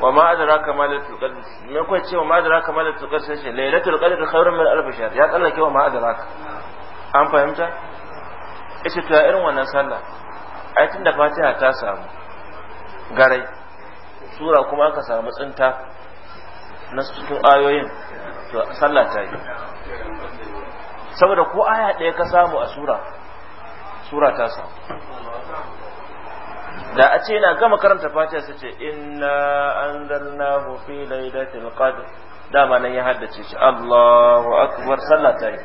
wa ma adraka ma lailatul qadr me ko ce wa ma adraka ma lailatul qadr sai lailatul qadr khairun min alf shahr ya tsallake wa ma adraka an fahimta ita ta irin wannan sallah ai tunda fatiha ta samu garai sura kuma aka samu tsinta na cikin ayoyin to sallah ta yi saboda ko aya ɗaya ka samu a sura sura ta sa da a ce yana gama karanta fatiha sai ce inna anzalnahu fi laylatil qadr dama nan ya haddace shi Allahu akbar sallah ta yi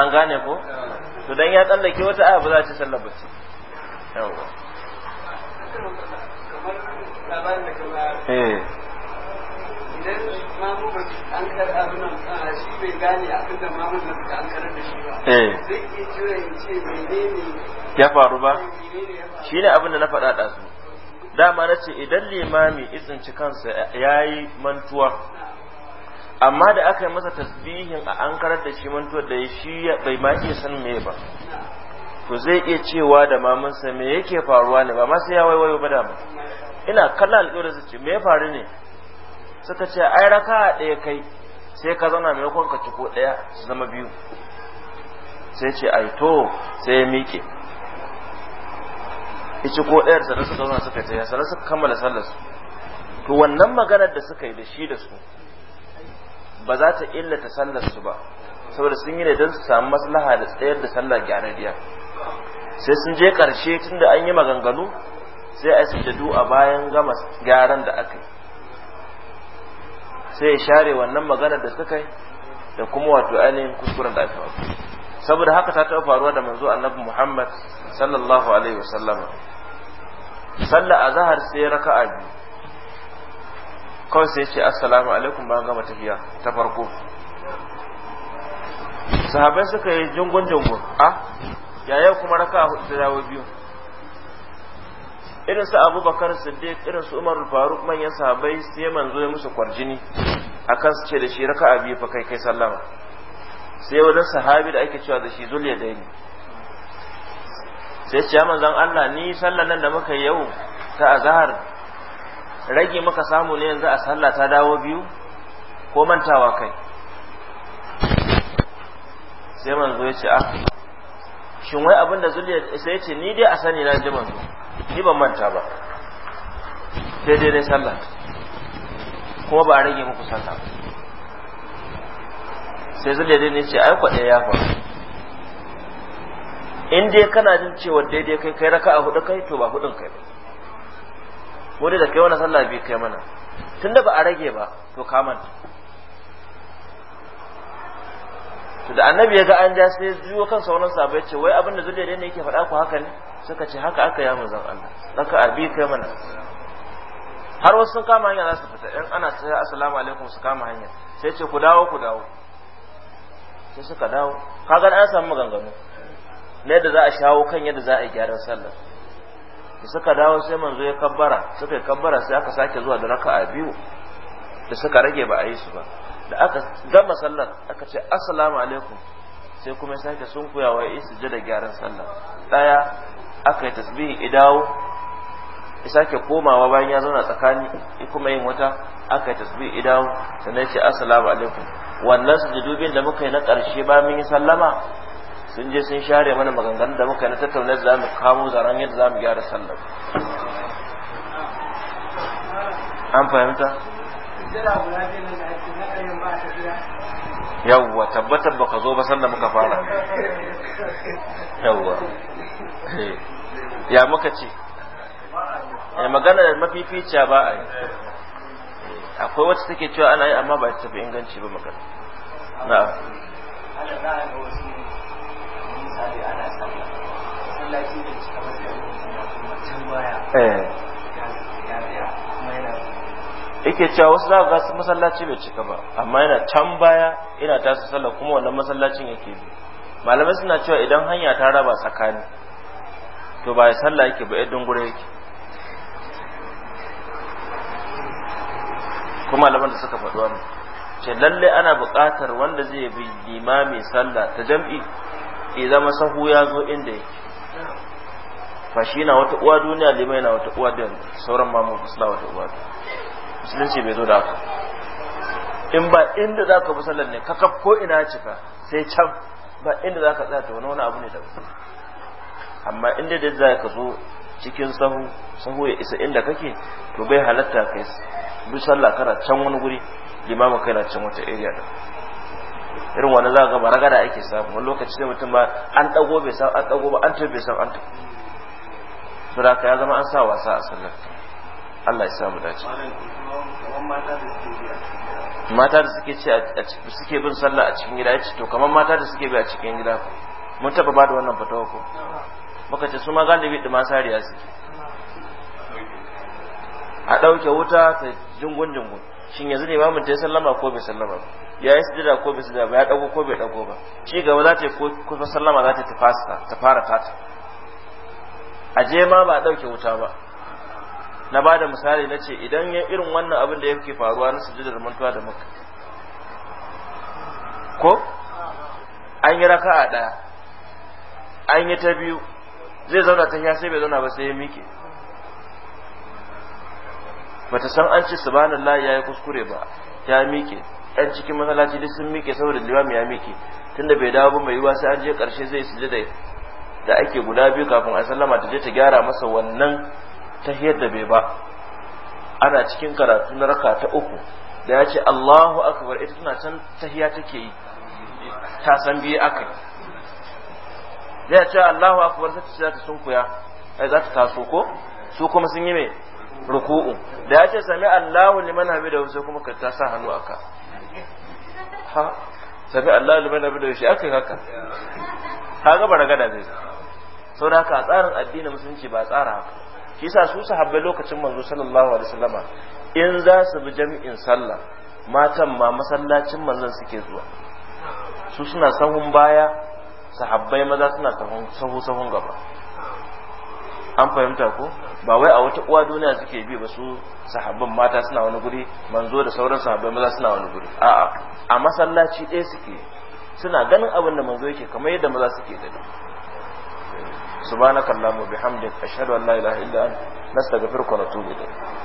an gane ko to dan ya tsallake wata aya ba za ta sallah ce yawa eh idan mamumin an abin nan shi bai gane abin da mamumin da an karar da shi ba eh. zai iya jira ya ce menene ya faru ba shi ne abin da na faɗa ɗazu dama na ce idan limami izinci kansa ya yi mantuwa amma da aka yi masa tasbihin a an karar da shi mantuwa da shi bai ma iya san me ba to zai iya cewa da mamansa me yake faruwa ne ba ma sai ya waiwayo ba dama ina kallon da su ce me ya faru ne suka ce ai raka ɗaya kai sai ka zauna mai ka ciko ɗaya su zama biyu sai ce ai to sai ya miƙe ici ko ɗayar sannan suka zauna suka tsaya sannan suka kammala sallar su to wannan maganar da suka yi da shi da su ba za ta illata sallar su ba saboda sun yi ne don su samu maslaha da tsayar da sallar gyararriya sai sun je ƙarshe tunda an yi maganganu sai a sujadu a bayan gama gyaran da aka yi sai ya share wannan maganar da suka yi da kuma wato ainihin kuskuren da aka wato saboda haka ta taɓa faruwa da manzo annabi muhammad sallallahu alaihi wasallama sallah a zahar sai raka'a biyu kawai sai ce assalamu alaikum ba gama tafiya ta farko sahabai suka yi jungun jungun a ah, yaya kuma raka'a hudu ta dawo biyu irin su abubakar siddiq irin su umar faruk manyan sahabbai sai manzo ya musu kwarjini a kan su ce da shi raka'a biyu fa kai kai sallama sai wajen sahabi da ake cewa da shi zulya da ne sai ce manzon Allah ni sallan nan da muka yau ta azhar rage muka samu ne yanzu a sallah ta dawo biyu ko mantawa kai sai manzo ya ce a ah, shin wai abin da zulya sai ya ce ni dai a sani na ji manzo ni ban manta ba sai dai dai sallah kuma ba a rage muku sallah sai zai dai ne ce ai kwaɗe ya fa in dai kana jin cewa daidai kai kai raka a hudu kai to ba hudun kai wani da kai wani sallah bi kai mana tunda ba a rage ba to ka manta to da annabi ya ga an ja sai juyo kan sauran sabai ce wai abin da zai ne yake faɗa ku haka ne suka ce haka aka yi manzon Allah raka abi kai mana har wasu sun kama hanya za su fita in ana sai assalamu alaikum su kama hanya sai ce ku dawo ku dawo sai suka dawo kaga an samu maganganu na yadda za a shawo kan yadda za a yi gyaran sallah da suka dawo sai manzo ya kabbara suka yi kabbara sai aka sake zuwa da raka'a biyu da suka rage ba a yi su ba da aka gama sallar aka ce assalamu alaikum sai kuma sake sun kuyawa wa suje da gyaran sallah daya aka yi tasbihi idawo ya sake komawa bayan ya zauna tsakani ya kuma yin wata aka yi tasbih idawo sannan ce assalamu alaikum wannan jidubin da muka yi na ƙarshe ba mun yi sallama sun je sun share mana maganganu da muka yi na tattauna da zamu kamo zaran yadda za mu gyara sallar an fahimta yawwa tabbatar baka zo ba sannan muka fara yawwa ya muka ce ya magana da mafificiya ba a yi akwai wacce take cewa ana yi amma ba ta tafi inganci ba magana na ana yake cewa wasu za ga su masallaci bai cika ba amma yana can baya ina su sallah kuma wannan masallacin yake bi malamai suna cewa idan hanya ta raba tsakani to ba sallah yake ba idan gure yake kuma malaman da suka faɗi ne ce lalle ana buƙatar wanda zai bi limami sallah ta jam'i ya zama sahu ya zo inda yake fashi na wata uwa duniya limai na wata uwa duniya sauran mamu suna wata uwa duniya musulunci bai zo da haka in ba inda za ka bi sallar ne ka kaf ko ina cika sai can ba inda za ka tsaya ta wani wani abu ne daga amma inda da za ka zo cikin sahu sahu ya isa inda kake to bai halatta kai bi sallah kana can wani guri limamin kai na can wata area da irin wani za ka baraga da ake samu wani lokaci sai mutum ba an dago bai san an dago ba an tafi bai san an tafi saboda ya zama an sa wasa a sallar Allah ya samu dace mata da suke ce suke bin sallah a cikin gida ya ce to kamar mata da suke bi a cikin gida mun taba ba da wannan fatawa ko muka ce su ma galibi dima sariya suke a ɗauke wuta ta jingun jingun shin yanzu ne mamun ta sallama ko bai sallama ba ya yi sujada ko bai sujada ba ya ɗago ko bai ɗago ba ci gaba za ta yi kusa sallama za ta ta fara tata a je ma ba a ɗauke wuta ba na ba da misali na ce idan ya irin wannan abin da yake faruwa na sujudar mantuwa da muka ko an yi raka a ɗaya an yi ta biyu zai zauna ta hiya sai bai zauna ba sai ya miƙe bata san an ce subhanallah ya yi kuskure ba ya miƙe yan cikin masalaci duk sun miƙe saboda liwam ya miƙe tunda bai dawo ba mai yiwa sai an je ƙarshe zai sujada da ake guda biyu kafin a sallama ta je ta gyara masa wannan tahiyar da bai ba ana cikin karatu na raka ta uku da ya ce Allahu akbar ita tana can tahiya take yi ta san biye akai da ya ce Allahu akbar ta ce za ta kuya ai za ta taso ko su kuma sun yi mai ruku'u da ya ce sami Allahu liman hamidahu sai kuma ka ta sa hannu aka ha sami Allahu liman hamidahu shi akai haka kaga baragada zai sau da haka a tsarin addinin musulunci ba tsara haka shi yasa su sahabbai lokacin manzo sallallahu alaihi wasallama in za su bi jami'in sallah matan ma masallacin manzon suke zuwa su suna sahun baya sahabbai maza suna sahun sahu sahun gaba an fahimta ko ba wai a wata uwa duniya suke bi ba su sahabban mata suna wani guri manzo da sauran sahabbai maza suna wani guri a'a a masallaci ɗaya suke suna ganin abin da manzo yake kamar yadda maza suke da سبحانك اللهم وبحمدك اشهد ان لا اله الا انت نستغفرك ونتوب اليك